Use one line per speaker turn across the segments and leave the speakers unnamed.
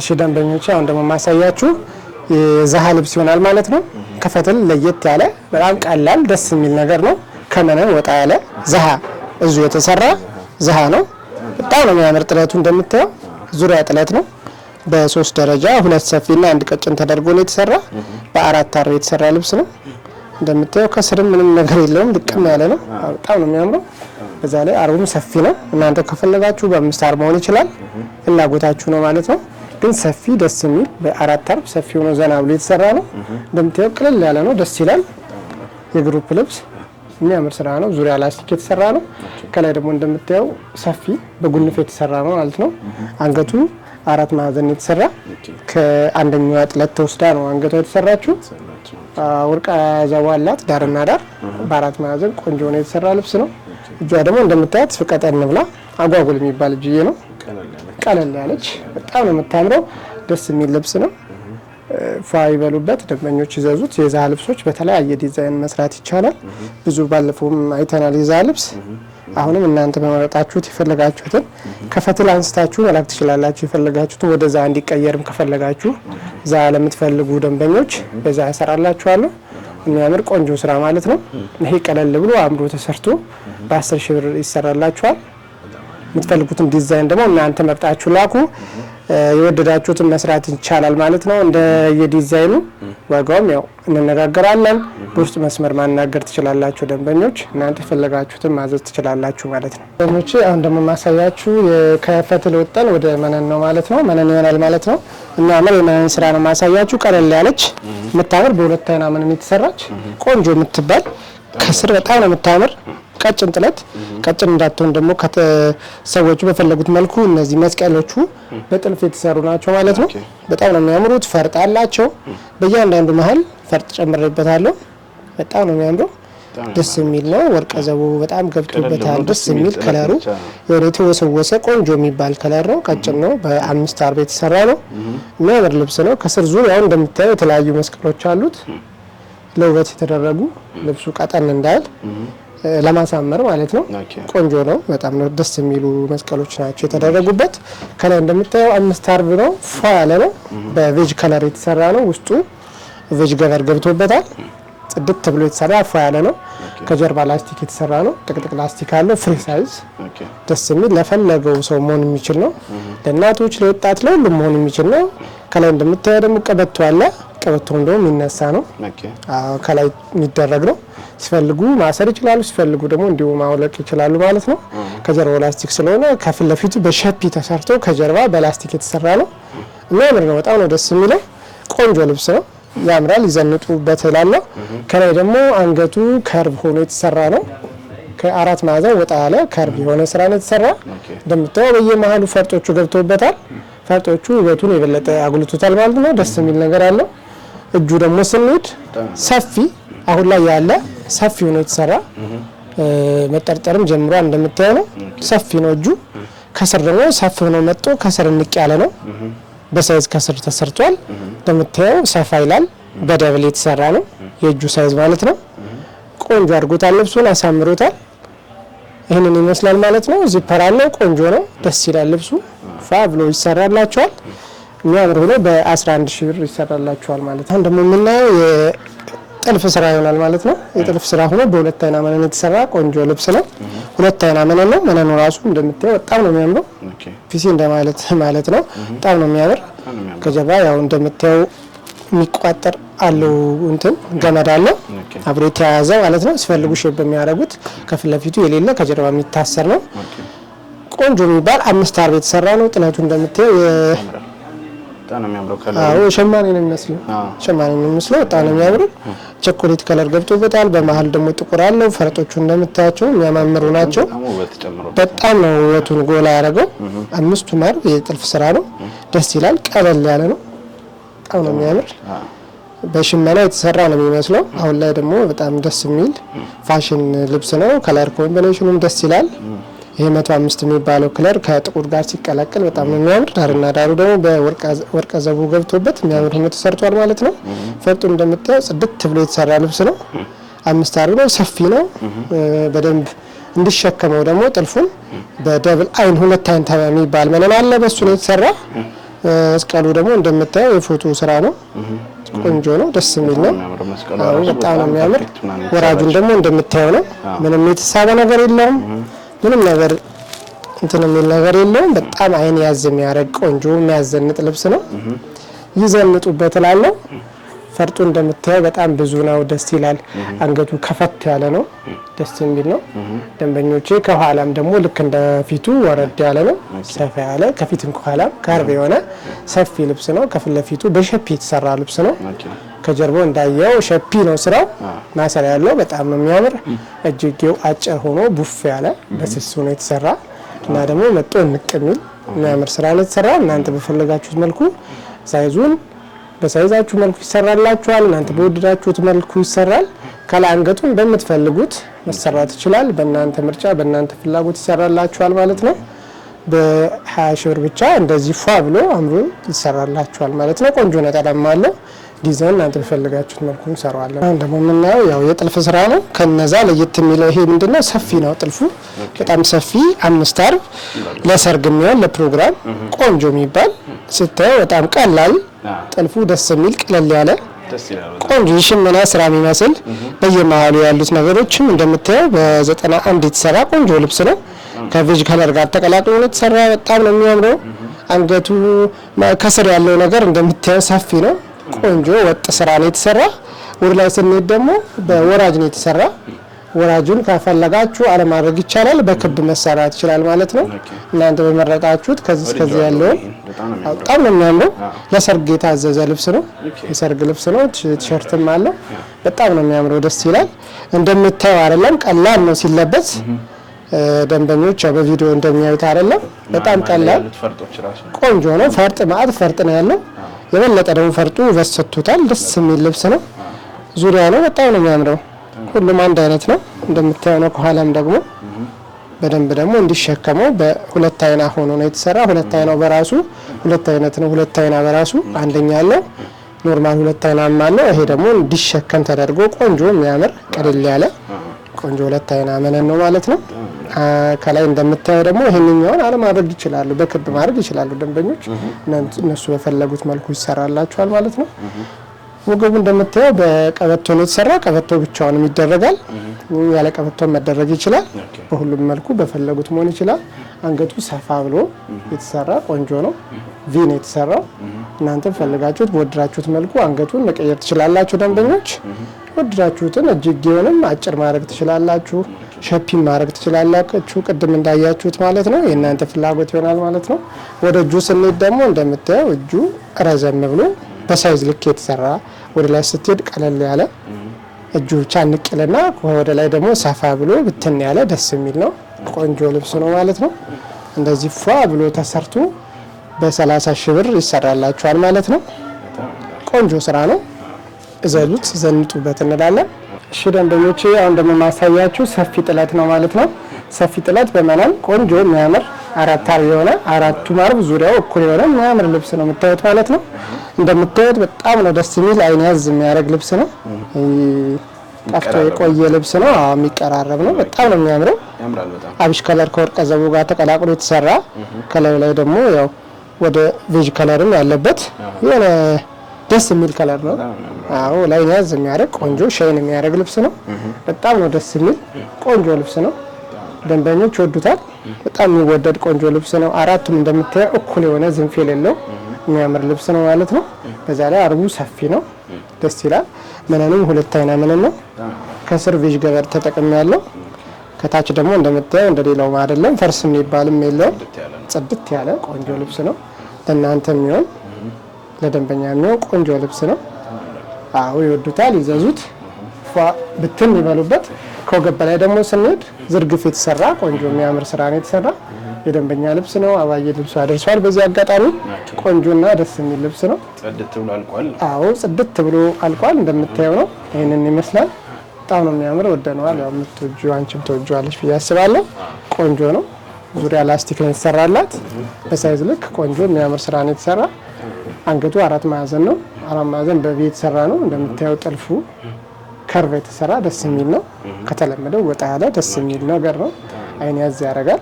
እሺ ደንበኞች፣ አሁን ደግሞ ማሳያችሁ የዛሃ ልብስ ይሆናል ማለት ነው። ከፈትል ለየት ያለ በጣም ቀላል ደስ የሚል ነገር ነው። ከመነ ወጣ ያለ ዛሃ እዙ የተሰራ ዛሃ ነው። በጣም ነው የሚያምር። ጥለቱ እንደምታየው ዙሪያ ጥለት ነው። በሶስት ደረጃ ሁለት ሰፊና አንድ ቀጭን ተደርጎ ነው የተሰራ። በአራት አርብ የተሰራ ልብስ ነው። እንደምታየው ከስርም ምንም ነገር የለውም። ልቅም ያለ ነው። በጣም ነው የሚያምረው። በዛ ላይ አርቡም ሰፊ ነው። እናንተ ከፈለጋችሁ በአምስት አርብ መሆን ይችላል። ፍላጎታችሁ ነው ማለት ነው። ግን ሰፊ ደስ የሚል በአራት አርብ ሰፊ ሆኖ ዘና ብሎ የተሰራ ነው። እንደምታየው ቅልል ያለ ነው፣ ደስ ይላል። የግሩፕ ልብስ የሚያምር ስራ ነው። ዙሪያ ላስቲክ የተሰራ ነው። ከላይ ደግሞ እንደምታየው ሰፊ በጉንፍ የተሰራ ነው ማለት ነው። አንገቱ አራት ማዕዘን የተሰራ ከአንደኛዋ ጥለት ተወስዳ ነው አንገቷ የተሰራችው። ወርቃ ዘዋ አላት ዳርና ዳር በአራት ማዕዘን ቆንጆ ሆነ የተሰራ ልብስ ነው። እጇ ደግሞ እንደምታያት ፍቀጠን ብላ አጓጉል የሚባል እጅዬ ነው። ቀለል ያለች በጣም ነው የምታምረው። ደስ የሚል ልብስ ነው። ፏ ይበሉበት፣ ደንበኞች ይዘዙት። የዛ ልብሶች በተለያየ ዲዛይን መስራት ይቻላል። ብዙ ባለፈውም አይተናል የዛ ልብስ። አሁንም እናንተ በመረጣችሁት የፈለጋችሁትን ከፈትል አንስታችሁ መላክ ትችላላችሁ። የፈለጋችሁትን ወደዛ እንዲቀየርም ከፈለጋችሁ ዛ ለምትፈልጉ ደንበኞች በዛ ያሰራላችኋለሁ። የሚያምር ቆንጆ ስራ ማለት ነው። ይሄ ቀለል ብሎ አምሮ ተሰርቶ በአስር ሺ ብር ይሰራላችኋል። የምትፈልጉትን ዲዛይን ደግሞ እናንተ መርጣችሁ ላኩ። የወደዳችሁትን መስራት ይቻላል ማለት ነው። እንደ የዲዛይኑ ዋጋውም ያው እንነጋገራለን። በውስጥ መስመር ማናገር ትችላላችሁ። ደንበኞች እናንተ የፈለጋችሁትን ማዘዝ ትችላላችሁ ማለት ነው። ደንበኞች አሁን ደግሞ ማሳያችሁ ከፈትል ወጠን ወደ መነን ነው ማለት ነው። መነን ይሆናል ማለት ነው። የሚያምር የመነን ስራ ነው ማሳያችሁ። ቀለል ያለች የምታምር በሁለት አይና ምንም የተሰራች ቆንጆ የምትባል ከስር በጣም ነው የምታምር ቀጭን ጥለት ቀጭን እንዳትሆን ደግሞ ሰዎቹ በፈለጉት መልኩ እነዚህ መስቀሎቹ በጥልፍ የተሰሩ ናቸው ማለት ነው። በጣም ነው የሚያምሩት። ፈርጥ አላቸው። በእያንዳንዱ መሀል ፈርጥ ጨምሬበታለሁ። በጣም ነው የሚያምሩ። ደስ የሚል ነው። ወርቀ ዘቡ በጣም ገብቶበታል። ደስ የሚል ከለሩ የሆነ የተወሰወሰ ቆንጆ የሚባል ከለር ነው። ቀጭን ነው። በአምስት አርብ የተሰራ ነው። የሚያምር ልብስ ነው። ከስር ዙሪያው እንደምታየው የተለያዩ መስቀሎች አሉት ለውበት የተደረጉ ልብሱ ቀጠን እንዳል ለማሳመር ማለት ነው። ቆንጆ ነው በጣም ነው ደስ የሚሉ መስቀሎች ናቸው የተደረጉበት። ከላይ እንደምታየው አምስት አርብ ነው፣ ፏ ያለ ነው። በቬጅ ከለር የተሰራ ነው። ውስጡ ቬጅ ገበር ገብቶበታል።
ጽድት ተብሎ የተሰራ ፏ ያለ ነው።
ከጀርባ ላስቲክ የተሰራ ነው። ጥቅጥቅ ላስቲክ አለው። ፍሪ ሳይዝ ደስ የሚል ለፈለገው ሰው መሆን የሚችል ነው። ለእናቶች፣ ለወጣት፣ ለሁሉም መሆን የሚችል ነው። ከላይ እንደምታየው ደግሞ ቀበቶ አለ። ቀበቶ እንደው የሚነሳ ነው ከላይ የሚደረግ ነው። ሲፈልጉ ማሰር ይችላሉ፣ ሲፈልጉ ደግሞ እንዲሁ ማውለቅ ይችላሉ ማለት ነው። ከጀርባው ላስቲክ ስለሆነ ከፊት ለፊቱ በሸፒ ተሰርቶ ከጀርባ በላስቲክ የተሰራ ነው። የሚያምር ነው። በጣም ነው ደስ የሚለው። ቆንጆ ልብስ ነው። ያምራል። ይዘንጡበት እላለሁ። ከላይ ደግሞ አንገቱ ከርብ ሆኖ የተሰራ ነው። ከአራት ማዕዘን ወጣ ያለ ከርብ የሆነ ስራ ነው የተሰራ። እንደምታየው በየመሀሉ ፈርጦቹ ገብተውበታል። ፈርጦቹ ውበቱን የበለጠ አጉልቶታል ማለት ነው። ደስ የሚል ነገር አለው። እጁ ደግሞ ስንሄድ ሰፊ አሁን ላይ ያለ ሰፊ ሆኖ የተሰራ መጠርጠርም ጀምሮ እንደምታየው ነው፣ ሰፊ ነው እጁ። ከስር ደግሞ ሰፊ ሆኖ መጥቶ ከስር እንቅ ያለ ነው። በሳይዝ ከስር ተሰርቷል። እንደምታየው ሰፋ ይላል። በደብል የተሰራ ነው የእጁ ሳይዝ ማለት ነው። ቆንጆ አድርጎታል፣ ልብሱን አሳምሮታል። ይህንን ይመስላል ማለት ነው። ዚፐር አለው፣ ቆንጆ ነው፣ ደስ ይላል ልብሱ ፋ ብሎ ይሰራላቸዋል። የሚያምር ሆኖ በ11 ሺህ ብር ይሰራላችኋል ማለት ነው። አሁን ደግሞ የምናየው የጥልፍ ስራ ይሆናል ማለት ነው። የጥልፍ ስራ ሆኖ በሁለት አይና መነን የተሰራ ቆንጆ ልብስ ነው። ሁለት አይና መነን ነው። መነኑ ራሱ እንደምታየው በጣም ነው የሚያምረው። ፒሲ እንደማለት ማለት ነው። በጣም ነው የሚያምር። ከጀባ ያው እንደምታየው የሚቋጠር አለው እንትን ገመድ አለው አብሮ የተያያዘ ማለት ነው። ሲፈልጉ ሼፕ በሚያደርጉት ከፊት ለፊቱ የሌለ ከጀርባ የሚታሰር ነው። ቆንጆ የሚባል አምስት አርብ የተሰራ ነው። ጥለቱ እንደምታየው ሸማኔ ነው የሚመስለው፣ ሸማኔ ነው የሚመስለው። በጣም ነው የሚያምረው። ቸኮሌት ከለር ገብቶበታል። በመሀል ደግሞ ጥቁር አለው። ፈረጦቹ እንደምታያቸው የሚያማምሩ ናቸው። በጣም ነው ውበቱን ጎላ ያደረገው። አምስቱ ማር የጥልፍ ስራ ነው። ደስ ይላል። ቀለል ያለ ነው። በጣም ነው የሚያምር። በሽመና የተሰራ ነው የሚመስለው። አሁን ላይ ደግሞ በጣም ደስ የሚል ፋሽን ልብስ ነው። ከለር ኮምቢኔሽኑም ደስ ይላል። ይህ መቶ አምስት የሚባለው ክለር ከጥቁር ጋር ሲቀላቀል በጣም ነው የሚያምር። ዳርና ዳሩ ደግሞ በወርቀ ዘቡ ገብቶበት የሚያምር ሆኖ ተሰርቷል ማለት ነው። ፈርጡ እንደምታየው ጽድት ብሎ የተሰራ ልብስ ነው። አምስት አርብ ነው፣ ሰፊ ነው በደንብ እንዲሸከመው ደግሞ ጥልፉን በደብል አይን ሁለት አይን የሚባል መነን አለ። በሱ ነው የተሰራ። መስቀሉ ደግሞ እንደምታየው የፎቶ ስራ ነው። ቆንጆ ነው፣ ደስ የሚል ነው። በጣም ነው የሚያምር። ወራጁን ደግሞ እንደምታየው ነው። ምንም የተሳበ ነገር የለውም። ምንም ነገር እንትን የሚል ነገር የለውም። በጣም አይን ያዝ የሚያደርግ ቆንጆ የሚያዘንጥ ልብስ ነው። ይዘንጡበት እላለሁ። ፈርጡ እንደምታየው በጣም ብዙ ነው። ደስ ይላል። አንገቱ ከፈት ያለ ነው። ደስ የሚል ነው። ደንበኞቼ ከኋላም ደግሞ ልክ እንደፊቱ ወረድ ያለ ነው። ሰፋ ያለ ከፊትም ከኋላም ካርብ የሆነ ሰፊ ልብስ ነው። ከፊት ለፊቱ በሸፒ የተሰራ ልብስ ነው። ከጀርባው እንዳየው ሸፒ ነው ስራው። ማሰሪያ ያለው በጣም ነው የሚያምር። እጅጌው አጭር ሆኖ ቡፍ ያለ በስሱ ነው የተሰራ እና ደግሞ መጦ ንቅ የሚል የሚያምር ስራ ነው የተሰራ። እናንተ በፈለጋችሁት መልኩ ሳይዙን በሳይዛችሁ መልኩ ይሰራላችኋል። እናንተ በወደዳችሁት መልኩ ይሰራል። ከላይ አንገቱን በምትፈልጉት መሰራት ይችላል። በእናንተ ምርጫ፣ በእናንተ ፍላጎት ይሰራላችኋል ማለት ነው። በ20 ሺህ ብር ብቻ እንደዚህ ፏ ብሎ አምሮ ይሰራላችኋል ማለት ነው። ቆንጆ ነጠላም አለው። ዲዛይን እናንተ በፈለጋችሁት መልኩ እንሰራዋለን። አሁን ደግሞ የምናየው ያው የጥልፍ ስራ ነው። ከነዛ ለየት የሚለው ይሄ ምንድነው? ሰፊ ነው ጥልፉ በጣም ሰፊ አምስት አርብ ለሰርግ የሚሆን ለፕሮግራም ቆንጆ የሚባል ስታየው በጣም ቀላል ጥልፉ ደስ የሚል ቅለል ያለ ቆንጆ የሽመና ስራ የሚመስል በየመሀሉ ያሉት ነገሮችም እንደምታየው በዘጠና አንድ የተሰራ ቆንጆ ልብስ ነው። ከቬጅ ከለር ጋር ተቀላቅሎ ነው የተሰራ። በጣም ነው የሚያምረው። አንገቱ ከስር ያለው ነገር እንደምታየው ሰፊ ነው። ቆንጆ ወጥ ስራ ነው የተሰራ። ወደ ላይ ስንሄድ ደግሞ በወራጅ ነው የተሰራ። ወራጁን ካፈለጋችሁ አለማድረግ ይቻላል። በክብ መሰራት ይችላል ማለት ነው። እናንተ በመረጣችሁት ከዚህ እስከዚህ ያለውን በጣም ነው የሚያምረው። ለሰርግ የታዘዘ ልብስ ነው፣ የሰርግ ልብስ ነው። ቲሸርትም አለው። በጣም ነው የሚያምረው፣ ደስ ይላል። እንደምታየው አይደለም፣ ቀላል ነው ሲለበስ። ደንበኞች በቪዲዮ እንደሚያዩት አይደለም፣ በጣም ቀላል ቆንጆ ነው። ፈርጥ ማለት ፈርጥ ነው ያለው የበለጠ ደግሞ ፈርጡ ውበት ሰጥቶታል። ደስ የሚል ልብስ ነው። ዙሪያ ነው በጣም ነው የሚያምረው። ሁሉም አንድ አይነት ነው እንደምታየው ነው። ከኋላም ደግሞ በደንብ ደግሞ እንዲሸከመው በሁለት አይና ሆኖ ነው የተሰራ። ሁለት አይናው በራሱ ሁለት አይነት ነው። ሁለት አይና በራሱ አንደኛ አለው ኖርማል ሁለት አይናም አለው። ይሄ ደግሞ እንዲሸከም ተደርጎ ቆንጆ የሚያምር ቀልል ያለ ቆንጆ ሁለት አይና መነን ነው ማለት ነው። ከላይ እንደምታየው ደግሞ ይህንኛውን አለማድረግ ይችላሉ፣ በክብ ማድረግ ይችላሉ ደንበኞች። እነሱ በፈለጉት መልኩ ይሰራላቸዋል ማለት ነው። ወገቡ እንደምታየው በቀበቶ ነው የተሰራ። ቀበቶ ብቻውንም ይደረጋል፣ ያለ ቀበቶ መደረግ ይችላል። በሁሉም መልኩ በፈለጉት መሆን ይችላል። አንገቱ ሰፋ ብሎ የተሰራ ቆንጆ ነው። ቪ ነው የተሰራው። እናንተ ፈልጋችሁት በወደዳችሁት መልኩ አንገቱን መቀየር ትችላላችሁ ደንበኞች። ወደዳችሁትን እጅጌውንም አጭር ማድረግ ትችላላችሁ። ሸፒን ማድረግ ትችላላችሁ። ቅድም እንዳያችሁት ማለት ነው የእናንተ ፍላጎት ይሆናል ማለት ነው። ወደ እጁ ስንሄድ ደግሞ እንደምታየው እጁ ረዘም ብሎ በሳይዝ ልክ የተሰራ ወደ ላይ ስትሄድ ቀለል ያለ እጁ ቻንቅልና ወደ ላይ ደግሞ ሰፋ ብሎ ብትን ያለ ደስ የሚል ነው። ቆንጆ ልብስ ነው ማለት ነው። እንደዚህ ፏ ብሎ ተሰርቶ በ30 ሺህ ብር ይሰራላችኋል ማለት ነው። ቆንጆ ስራ ነው። እዘሉት ዘንጡበት እንላለን። እሺ ደንበኞቼ አሁን ደግሞ ማሳያችሁ ሰፊ ጥለት ነው ማለት ነው። ሰፊ ጥለት በመናን ቆንጆ የሚያምር አራት አር የሆነ አራቱ ማርብ ዙሪያው እኩል የሆነ የሚያምር ልብስ ነው የምታዩት ማለት ነው። እንደምታዩት በጣም ነው ደስ የሚል አይን ያዝ የሚያደርግ ልብስ ነው። ጠፍቶ የቆየ ልብስ ነው። አዎ የሚቀራረብ ነው። በጣም ነው የሚያምረው። አብሽ ከለር ከወርቀ ዘቡ ጋር ተቀላቅሎ የተሰራ ከላዩ ላይ ደግሞ ያው ወደ ቬጅ ከለርም ያለበት የሆነ ደስ የሚል ከለር ነው። አዎ ላይ ያዝ የሚያደርግ ቆንጆ ሻይን የሚያደርግ ልብስ ነው። በጣም ነው ደስ የሚል ቆንጆ ልብስ ነው። ደንበኞች ይወዱታል። በጣም የሚወደድ ቆንጆ ልብስ ነው። አራቱም እንደምታየው እኩል የሆነ ዝንፍ የሌለው የሚያምር ልብስ ነው ማለት ነው። በዛ ላይ አርቡ ሰፊ ነው፣ ደስ ይላል። ምንንም ሁለት አይና መነን ነው። ከስር ቬጅ ገበር ተጠቅም ያለው ከታች ደግሞ እንደምታየው እንደሌላው አይደለም። ፈርስ የሚባልም የለውም። ጽድት ያለ ቆንጆ ልብስ ነው ለእናንተ የሚሆን ለደንበኛ የሚሆን ቆንጆ ልብስ ነው። አዎ ይወዱታል፣ ይዘዙት፣ ብትን ይበሉበት። ከወገብ በላይ ደግሞ ስንሄድ ዝርግፍ የተሰራ ቆንጆ የሚያምር ስራ ነው የተሰራ የደንበኛ ልብስ ነው። አባዬ ልብሱ አደርሷል። በዚህ አጋጣሚ ቆንጆና ደስ የሚል ልብስ ነው። ጽድት ብሎ አልቋል። አዎ ጽድት ብሎ አልቋል። እንደምታየው ነው። ይህንን ይመስላል። በጣም ነው የሚያምር። ወደነዋል። ያው የምትወጁ አንቺም ተወጇለች ብዬ አስባለሁ። ቆንጆ ነው። ዙሪያ ላስቲክ ነው የተሰራላት። በሳይዝ ልክ ቆንጆ የሚያምር ስራ ነው የተሰራ አንገቱ አራት ማዕዘን ነው። አራት ማዕዘን በቤ የተሰራ ነው። እንደምታየው ጥልፉ ከርቭ የተሰራ ደስ የሚል ነው። ከተለመደው ወጣ ያለ ደስ የሚል ነገር ነው። አይን ያዝ ያደርጋል።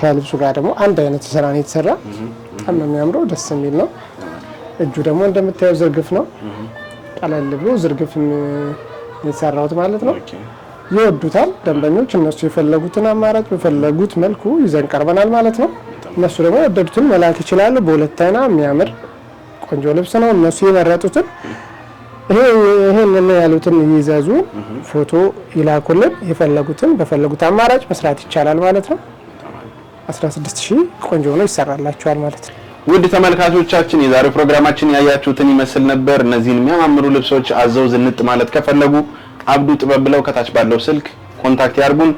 ከልብሱ ጋር ደግሞ አንድ አይነት ስራ ነው የተሰራ። በጣም የሚያምረው ደስ የሚል ነው። እጁ ደግሞ እንደምታየው ዝርግፍ ነው። ቀለል ብሎ ዝርግፍ የተሰራውት ማለት ነው። ይወዱታል ደንበኞች። እነሱ የፈለጉትን አማራጭ በፈለጉት መልኩ ይዘን ቀርበናል ማለት ነው። እነሱ ደግሞ የወደዱትን መላክ ይችላሉ። በሁለት አይና የሚያምር ቆንጆ ልብስ ነው። እነሱ የመረጡትን ይሄንን ያሉትን ይዘዙ፣ ፎቶ ይላኩልን። የፈለጉትን በፈለጉት አማራጭ መስራት ይቻላል ማለት ነው። 16 ሺህ ቆንጆ ሆኖ ይሰራላችኋል ማለት ነው። ውድ ተመልካቾቻችን የዛሬው ፕሮግራማችን ያያችሁትን ይመስል ነበር። እነዚህን የሚያማምሩ ልብሶች አዘው ዝንጥ ማለት ከፈለጉ አብዱ ጥበብ ብለው ከታች ባለው ስልክ ኮንታክት ያርጉን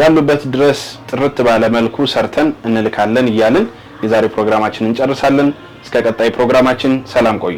ያሉበት ድረስ ጥርት ባለ መልኩ ሰርተን እንልካለን እያልን የዛሬው ፕሮግራማችን እንጨርሳለን። እስከ ቀጣይ ፕሮግራማችን ሰላም ቆዩ።